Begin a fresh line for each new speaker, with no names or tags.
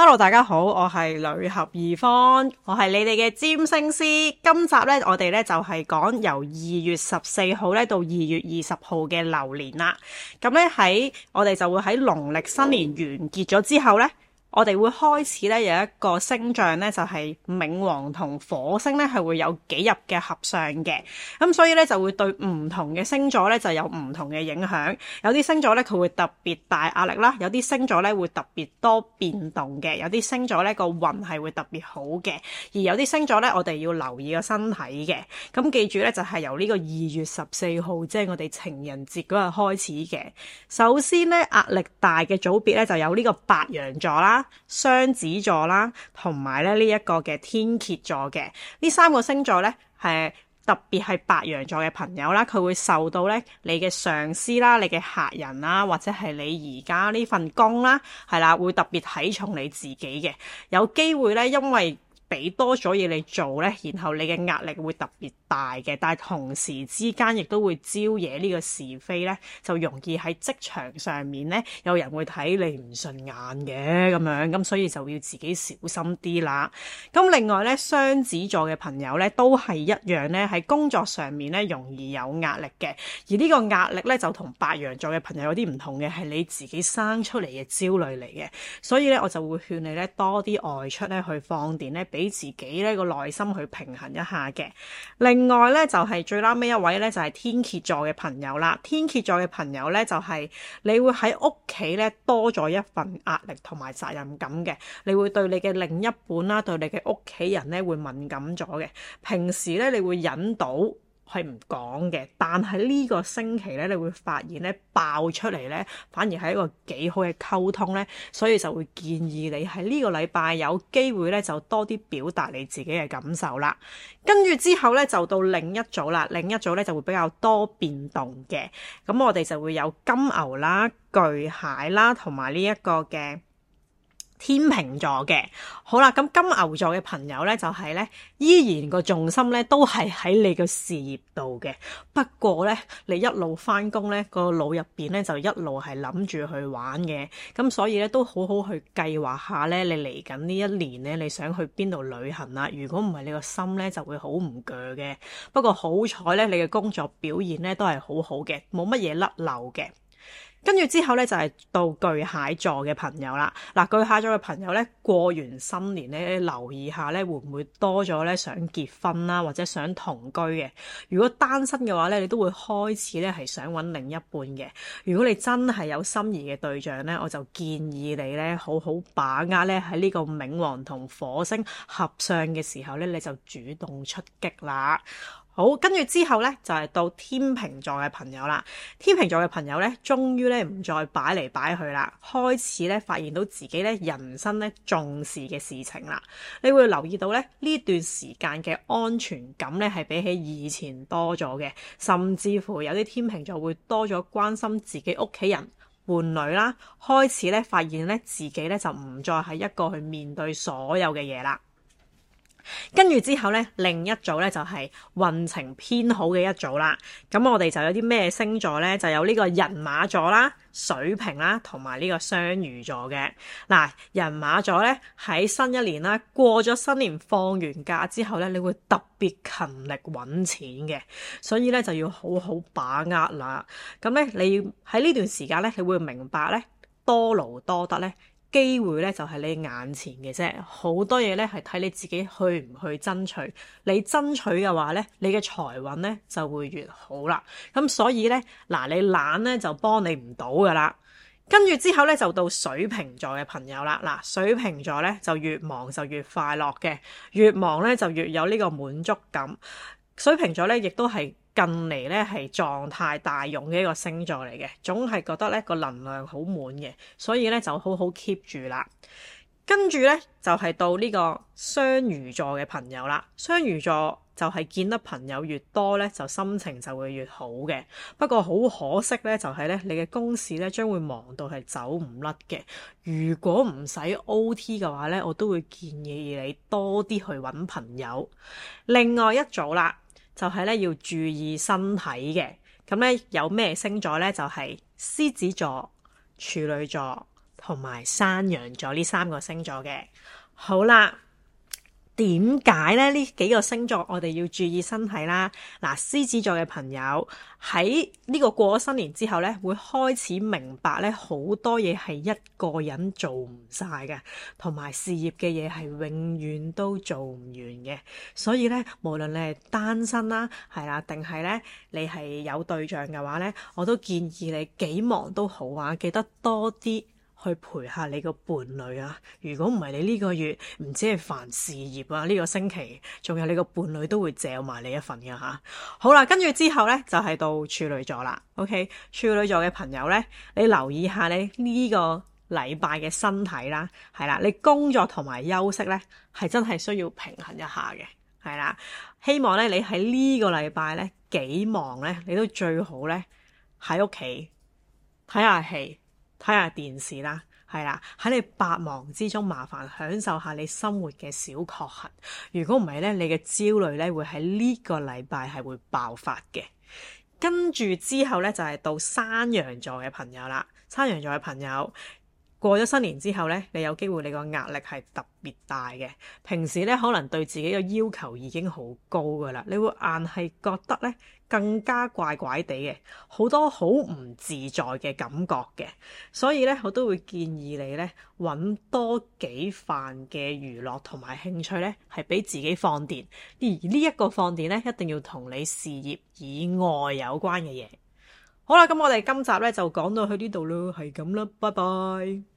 Hello，大家好，我係女俠二方，我係你哋嘅占星師。今集呢，我哋呢就係講由二月十四號呢到二月二十號嘅流年啦。咁呢，喺我哋就會喺農曆新年完結咗之後呢。我哋會開始咧有一個星象咧，就係冥王同火星咧係會有幾日嘅合相嘅，咁所以咧就會對唔同嘅星座咧就有唔同嘅影響。有啲星座咧佢會特別大壓力啦，有啲星座咧會特別多變動嘅，有啲星座咧個運係會特別好嘅，而有啲星座咧我哋要留意個身體嘅。咁記住咧就係由呢個二月十四號，即係我哋情人節嗰日開始嘅。首先咧壓力大嘅組別咧就有呢個白羊座啦，雙子座啦，同埋咧呢一個嘅天蠍座嘅呢三個星座呢，係特別係白羊座嘅朋友啦，佢會受到呢你嘅上司啦、你嘅客人啦，或者係你而家呢份工啦，係啦會特別睇重你自己嘅，有機會呢，因為。俾多咗嘢你做呢，然後你嘅壓力會特別大嘅，但係同時之間亦都會招惹呢個是非呢就容易喺職場上面呢，有人會睇你唔順眼嘅咁樣，咁所以就要自己小心啲啦。咁另外呢，雙子座嘅朋友呢都係一樣呢喺工作上面呢容易有壓力嘅，而呢個壓力呢，就同白羊座嘅朋友有啲唔同嘅，係你自己生出嚟嘅焦慮嚟嘅，所以呢，我就會勸你呢多啲外出呢去放電呢俾自己呢個內心去平衡一下嘅。另外呢，就係最拉尾一位呢，就係天蠍座嘅朋友啦。天蠍座嘅朋友呢，就係你會喺屋企呢多咗一份壓力同埋責任感嘅，你會對你嘅另一半啦，對你嘅屋企人呢，會敏感咗嘅。平時呢，你會引導。係唔講嘅，但係呢個星期咧，你會發現咧爆出嚟咧，反而係一個幾好嘅溝通咧，所以就會建議你喺呢個禮拜有機會咧就多啲表達你自己嘅感受啦。跟住之後咧就到另一組啦，另一組咧就會比較多變動嘅。咁我哋就會有金牛啦、巨蟹啦同埋呢一個嘅。天秤座嘅，好啦，咁金牛座嘅朋友呢，就係、是、呢依然個重心呢都係喺你個事業度嘅，不過呢，你一路翻工呢，那個腦入邊呢，就一路係諗住去玩嘅，咁所以呢，都好好去計劃下呢。你嚟緊呢一年呢，你想去邊度旅行啦，啊，如果唔係你個心呢就會好唔攰嘅，不過好彩呢，你嘅工作表現呢都係好好嘅，冇乜嘢甩漏嘅。跟住之後咧，就係到巨蟹座嘅朋友啦。嗱，巨蟹座嘅朋友咧，過完新年咧，留意下咧，會唔會多咗咧，想結婚啦，或者想同居嘅。如果單身嘅話咧，你都會開始咧係想搵另一半嘅。如果你真係有心儀嘅對象咧，我就建議你咧，好好把握咧，喺呢個冥王同火星合相嘅時候咧，你就主動出擊啦。好，跟住之後呢，就係到天秤座嘅朋友啦。天秤座嘅朋友呢，終於呢唔再擺嚟擺去啦，開始呢發現到自己呢人生呢重視嘅事情啦。你會留意到呢，呢段時間嘅安全感呢係比起以前多咗嘅，甚至乎有啲天秤座會多咗關心自己屋企人、伴侶啦。開始呢發現呢，自己呢就唔再係一個去面對所有嘅嘢啦。跟住之後咧，另一組咧就係運程偏好嘅一組啦。咁我哋就有啲咩星座咧，就有呢個人馬座啦、水瓶啦，同埋呢個雙魚座嘅。嗱，人馬座咧，喺新一年啦，過咗新年放完假之後咧，你會特別勤力搵錢嘅，所以咧就要好好把握啦。咁咧，你喺呢段時間咧，你會明白咧，多勞多得咧。機會咧就係你眼前嘅啫，好多嘢咧係睇你自己去唔去爭取。你爭取嘅話咧，你嘅財運咧就會越好啦。咁所以咧，嗱你懶咧就幫你唔到噶啦。跟住之後咧就到水瓶座嘅朋友啦，嗱水瓶座咧就越忙就越快樂嘅，越忙咧就越有呢個滿足感。水瓶座咧亦都係。近嚟咧係狀態大勇嘅一個星座嚟嘅，總係覺得咧個能量好滿嘅，所以咧就好好 keep 住啦。跟住咧就係到呢個雙魚座嘅朋友啦，雙魚座就係見得朋友越多咧，就心情就會越好嘅。不過好可惜咧，就係咧你嘅公事咧將會忙到係走唔甩嘅。如果唔使 OT 嘅話咧，我都會建議你多啲去揾朋友。另外一組啦。就係咧要注意身體嘅，咁咧有咩星座咧就係獅子座、處女座同埋山羊座呢三個星座嘅。好啦。點解咧？呢幾個星座我哋要注意身體啦。嗱，獅子座嘅朋友喺呢個過咗新年之後咧，會開始明白咧，好多嘢係一個人做唔晒嘅，同埋事業嘅嘢係永遠都做唔完嘅。所以咧，無論你係單身啦，係啦，定係咧你係有對象嘅話咧，我都建議你幾忙都好啊，記得多啲。去陪下你個伴侶啊！如果唔係你呢個月唔知係煩事業啊，呢、這個星期仲有你個伴侶都會借埋你一份噶吓、啊。好啦，跟住之後呢，就係、是、到處女座啦。OK，處女座嘅朋友呢，你留意下你呢個禮拜嘅身體啦，係啦，你工作同埋休息呢，係真係需要平衡一下嘅，係啦。希望呢，你喺呢個禮拜呢，幾忙呢，你都最好呢，喺屋企睇下戲。看看戲，睇下電視啦，係啦，喺你百忙之中麻煩享受下你生活嘅小確幸。如果唔係咧，你嘅焦慮咧會喺呢個禮拜係會爆發嘅。跟住之後咧就係到山羊座嘅朋友啦，山羊座嘅朋友。過咗新年之後咧，你有機會你個壓力係特別大嘅。平時咧可能對自己個要求已經好高噶啦，你會硬係覺得咧更加怪怪地嘅，好多好唔自在嘅感覺嘅。所以咧，我都會建議你咧，搵多幾份嘅娛樂同埋興趣咧，係俾自己放電。而呢一個放電咧，一定要同你事業以外有關嘅嘢。好啦，咁我哋今集咧就講到去呢度咯，係咁啦，拜拜。